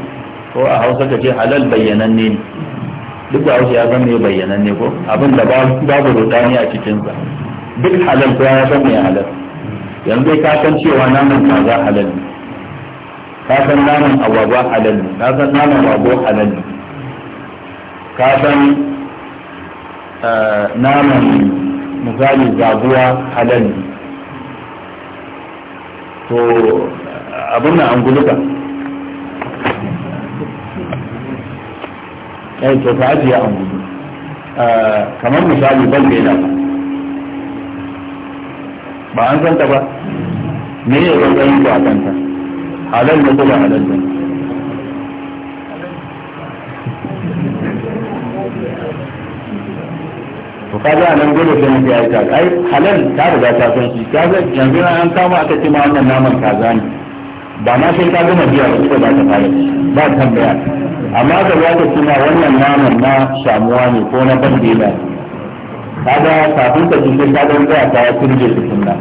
ko a hausa ka ce halal bayyananne ne duk da hausa ya san mai bayyananne ko abin da babu rudani a cikinsa duk halal ko ya zama mai halal yanzu ka san cewa naman kaza halal ne ka san naman agwagwa halal ne ka san naman rago halal ne ka san eh, naman misali zaguwa halal ne to abin nan an guluka eh, to ka ajiye an eh, kamar misali ban bela ba an santa ba me ne ganin ba a kanta halal ne ko ba halal ne to ka ga nan gudu da mutum ya yi kaza halal ta riga ta san shi ga yanzu an kama aka ce ma wannan naman kaza ne ba ma sai ka gama biya ko ba ta fara ba tambaya amma ka ya ka tuna wannan naman na shamuwa ne ko na bandela kaga kafin ka ji cikin ka ga tsaya ta ya turje su sunna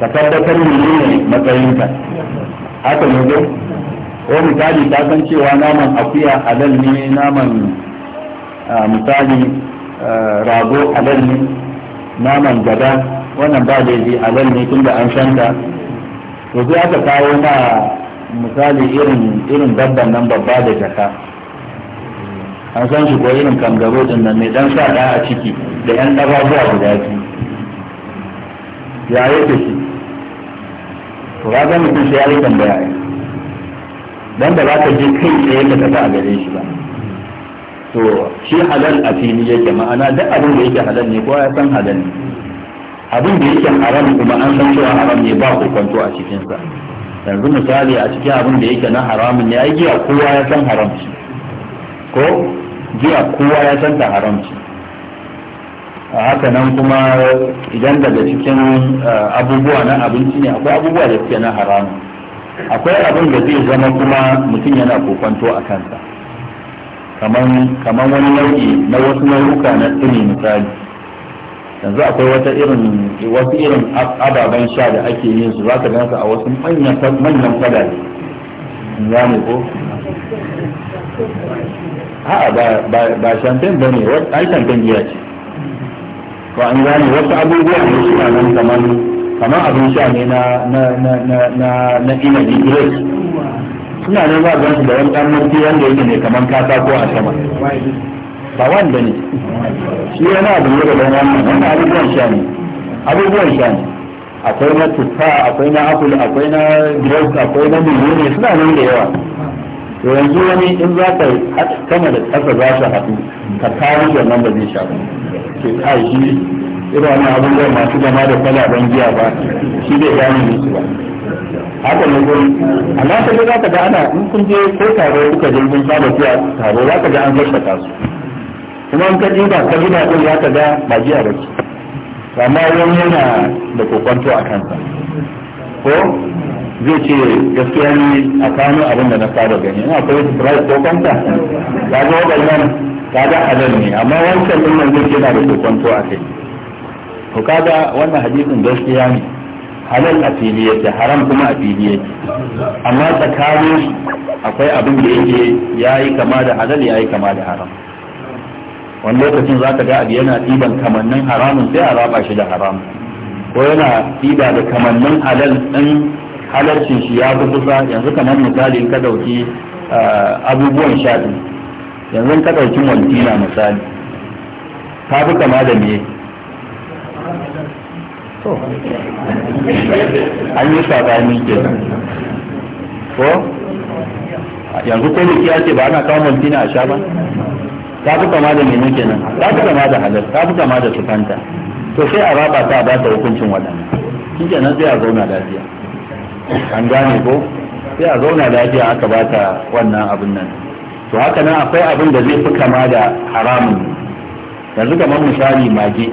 ka tabbatar matsayin matsayinka haka ne ko ko misali ta san cewa naman akuya halal ne naman ah, misali rago halal ne naman gada wannan ba a halal ne tunda an shanta to sai aka kawo na misali irin irin dabban nan babba da jaka an san shi ko irin kangaro din nan mai dan sa a ciki da yan zuwa guda biyu ya ta shi to ga mutum sai ya yi tambaya dan da ba ka je kai tsaye ka tafi a gare shi ba to shi halal a fili yake ma'ana duk abin da yake halal ne kowa ya san halal ne abin da yake haram kuma an san cewa haram ne ba kwanto a cikinsa yanzu misali a cikin abin da yake na haramun ne ai giya kowa ya san haram ce ko giya kowa ya san ta haram ce haka nan kuma idan daga cikin eh, abubuwa na abinci ne akwai abubuwa da suke na haramun akwai abin da zai zama kuma mutum yana kokwanto a kansa kamar wani nau'i na wasu nau'uka na tsini misali yanzu akwai wata irin wasu irin ababen sha da ake yin su za ka gansa a wasu manyan fadari za ne ko a'a ba champagne ba ne ai champagne giya ce ko an gane wasu abubuwa ne suna nan kamar abin sha ne na na na suna nan za a gan su da wani ɗan mafi wanda yake ne kamar katako a sama ba wanda ne shi yana abu ne da wannan wani abubuwan sha ne abubuwan sha ne akwai na tuffa akwai na apple akwai na grape akwai na lulu ne suna nan da yawa to yanzu wani in za ka kama da ƙasa za su haɗu ka kawo shi wannan ba zai sha ba ke kai shi irin wani abubuwan masu gama da kwalaben giya ba shi bai gane su ba haka ne gori amma ta za ka ga ana in kun je ko taro kuka je kun saba taro za ka ga an gaskata su kuma in ka je ba ka gida din za ka ga ba jiya ba ce amma wani yana da kokwanto a kansa ko zai ce gaskiya ne a kano abin da na saba gani ina akwai su surprise ko kanta ka ga waɗannan ka ga halar ne amma wancan ɗin nan zai ce yana da kokwanto a kai to kaga wannan hadisin gaskiya ne halal a fili yake haram kuma a fili amma tsakanin akwai abin da yake ya yi kama da halal ya yi kama da haram wani lokacin za ka ga abu yana ɗiban kamannin haramun sai a raba shi da haram ko yana ɗiba da kamannin halal ɗin halarcin shi ya fi kusa yanzu kamar misali ka ɗauki abubuwan shaɗi yanzu ka ɗauki wantina misali ta fi kama da me to an yi sabani ke ko yanzu ko da kiyace ba ana kawo mulkina a sha ba ta fi kama da mene kenan ta fi kama da halar ta fi kama da sufanta to sai a raba ta ba ta hukuncin waɗannan shi kenan sai a zauna lafiya an gane ko sai a zauna lafiya aka ba ta wannan abin nan to haka nan akwai abin da zai fi kama da haramun yanzu kamar misali mage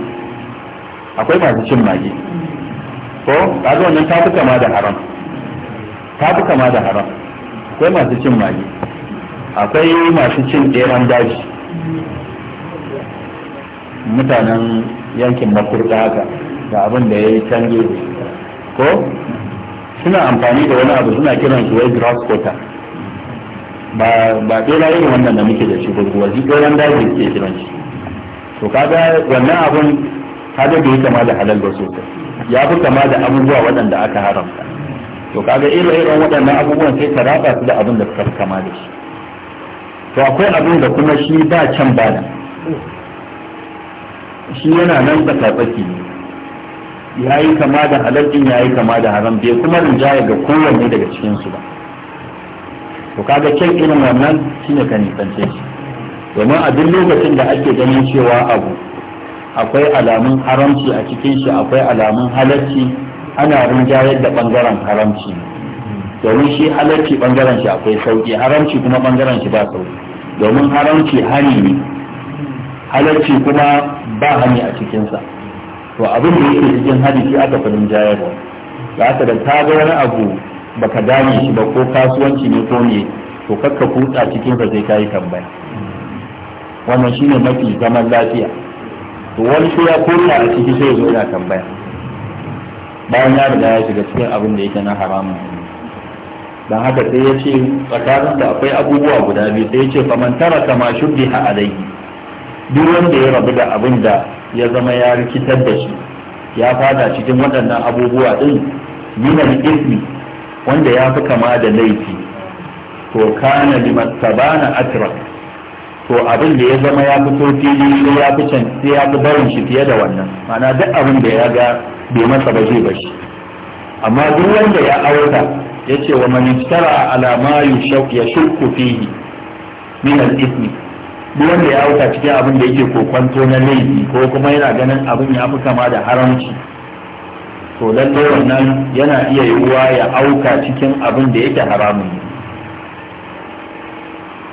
akwai masu cin mage ko kaga wannan ta fi kama da haram ta fi kama da haram akwai masu cin mage akwai masu cin ɗeran daji mutanen yankin makurda haka da abin da ya yi canje ko suna amfani da wani abu suna kiran su wai grass quarter ba ba ɗera irin wannan da muke da shi ba kuwa ɗeran daji ke kiran shi to kaga wannan abun kaga bai kama da halal ba sosai ya fi kama da abubuwa waɗanda aka haramta to kaga irin irin waɗannan abubuwan sai ka raba su da abin da suka kama da shi to akwai abin da kuma shi ba can ba da shi yana nan tsakatsaki ne ya yi kama da halal din ya yi kama da haram bai kuma rinjaya ga kowanne daga cikinsu ba to kaga kyan irin wannan shine ka nisance shi domin a duk lokacin da ake ganin cewa abu akwai alamun haramci a cikin shi akwai alamun halarci ana rinjayar da bangaren haramci domin shi halarci bangaren shi akwai sauki haramci kuma bangaren shi ba sauki domin haramci hani ne halarci kuma ba hani a cikinsa to abin da yake cikin hani shi aka fi rinjayarwa da aka da ta ga wani abu baka dame shi ba ko kasuwanci ne ko ne to kakka kutsa cikinsa sai ka yi tambaya wannan shine mafi zaman lafiya to wani ya koya a ciki sai zo ya tambaya bayan ya riga ya shiga cikin abin da yake na haramun dan haka sai ya ce tsakanin da akwai abubuwa guda biyu sai ya ce faman tara kama ha alayhi duk wanda ya rabu da abin da ya zama ya rikitar da shi ya fada cikin waɗannan abubuwa din minal ismi wanda ya fi kama da laifi to kana limattabana atrak to abin da ya zama ya fito fili sai ya fi can sai ya fi barin shi fiye da wannan mana duk abin da ya ga bai masa ba zai bashi amma duk wanda ya auka ya ce wa man iftara ala ma shukku fihi min al-ithmi duk wanda ya auka cikin abin da yake kokwanto na laifi ko kuma yana ganin abin ya fi kama da haramci to lalle wannan yana iya yiwuwa ya auka cikin abin da yake haramun ne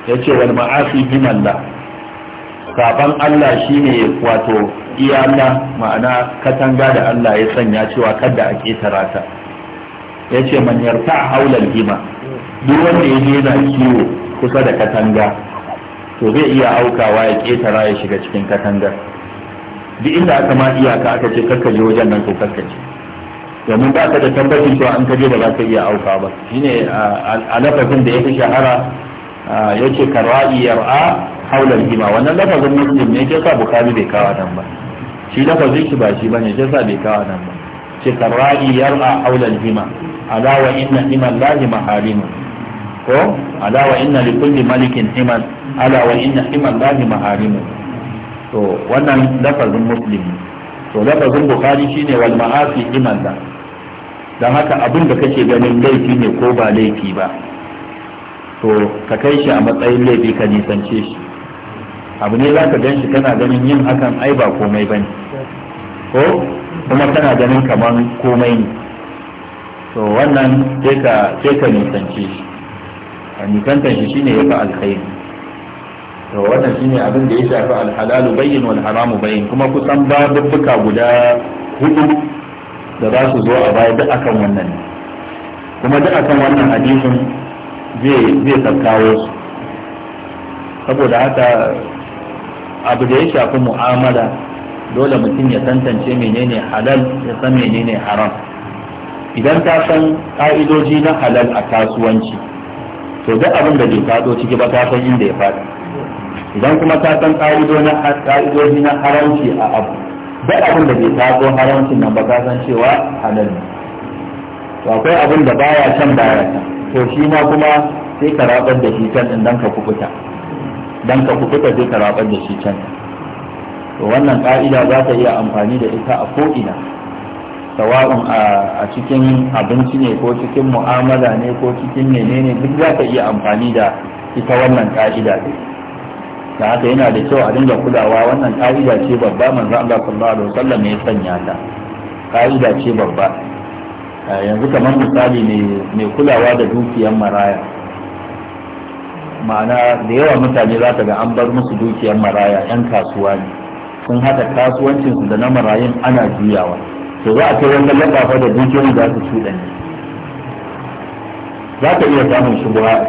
yace ma'afi ma'asi da? kafan Allah shi ne wato iya Allah ma'ana katanga da Allah ya sanya cewa kada a ketara ta yace ta a haular hima duk wanda je yana kiwo kusa da katanga to zai iya aukawa ya ketara ya shiga cikin katangar duk inda aka ma iyaka aka ce je wajen nan to je domin ba ka da tabbacin cewa an kaje da ba ka iya auka ba shine a lafafin da ya fi shahara Ah, yace karwa'i yar'a haulal hima wannan lafazin muslim ne yasa bukhari bai kawo nan ba shi lafazin shi ba shi bane yasa bai kawo nan ba ce karra'i a haulal hima ala wa inna himan lahi maharimu ko ala inna li kulli malikin himan ala wa inna himan lahi maharimu to wannan lafazin muslim to lafazin bukhari shine wal ma'asi himan da dan haka abin da kake ganin laifi ne ko ba laifi ba to ka kai shi a matsayin laifi ka nisance shi abu ne za ka gan shi kana ganin yin hakan ai ba komai ba ne ko kuma kana ganin kamar komai ne to wannan sai ka nisance shi a nisantar shi shine ya fi alkhairi to wannan shine abin da ya shafi alhalalu bayyin wal haramu bayyin kuma kusan dubbuka guda hudu da za su zo a baya duk akan wannan kuma duk akan wannan hadisin zai tsakawo su saboda haka abu da ya shafi mu'amala dole mutum ya tantance menene halal ya san menene haram idan ka san ka'idoji na halal a kasuwanci to duk abin da bai fado ciki ba ka san inda ya fada idan kuma ka san ka'idoji na haramci a abu duk abin da bai fado haramcin nan ba ka san cewa halal ne to akwai abin da baya can baya can to shi ma kuma sai ka rabar da shi can din dan ka kubuta dan ka kubuta sai ka rabar da shi can to wannan ka'ida za ta iya amfani da ita a ina sawa'un a cikin abinci ne ko cikin mu'amala ne ko cikin menene duk za ta iya amfani da ita wannan ka'ida ne da haka yana da kyau a dinga kulawa wannan ka'ida ce babba manzo Allah sallallahu alaihi wasallam ya sanya ta ka'ida ce babba yanzu kamar misali ne mai kulawa da dukiyar maraya ma'ana da yawa mutane za ta ga an bar musu dukiyar maraya 'yan kasuwa ne sun haɗa kasuwancinsu da na marayun ana juyawa to za a kai wannan lafafa da dukiyar za su cuɗa ne za ka iya samun shubuha a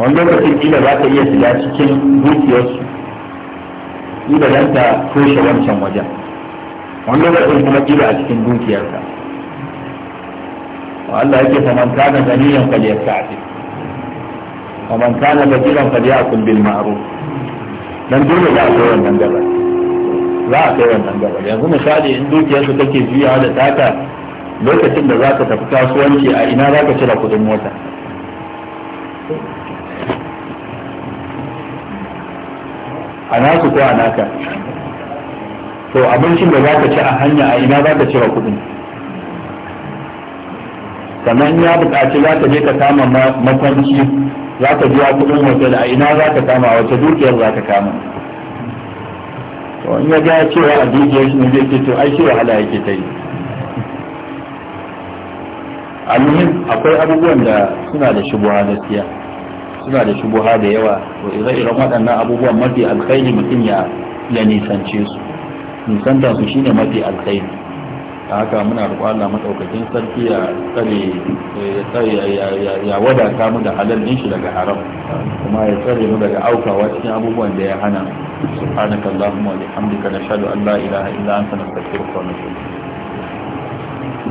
ciki wani lokacin kila za ka iya shiga cikin dukiyarsu Su ta toshe wancan wajen wani lokacin kuma kila a cikin dukiyarka Allah yake faman kana ganiyan falyasta'fi faman kana bajiran kun bil ma'ruf dan dole za a kai wannan gaba za a kai wannan gaba yanzu misali in dukiyarsa take juyawa da tata lokacin da za ka tafi kasuwanci a ina za ka cire kudin mota a nasu ko a naka to abincin da za ka ci a hanya a ina za ka cire kuɗin sannan ya buƙaci za ka je ka kama makwanci za ka biya kuɗin hotel a ina za ka kama wace dukiyar za ka kama to in ya ga cewa a dukiyar shi ne zai ce to ai shi wahala yake ta yi almuhim akwai abubuwan da suna da shubuha gaskiya suna da shubuha da yawa to ire-iren waɗannan abubuwan mafi alkhairi mutum ya nisance su nisanta su shine mafi alkhairi a haka muna roƙo Allah madaukakin sarki ya tsare ya wadata mu da halal din shi daga haram kuma ya tsare mu daga aukawa cikin abubuwan da ya hana subhanaka allahumma wa bihamdika nashhadu an la ilaha illa anta nastaghfiruka wa natubu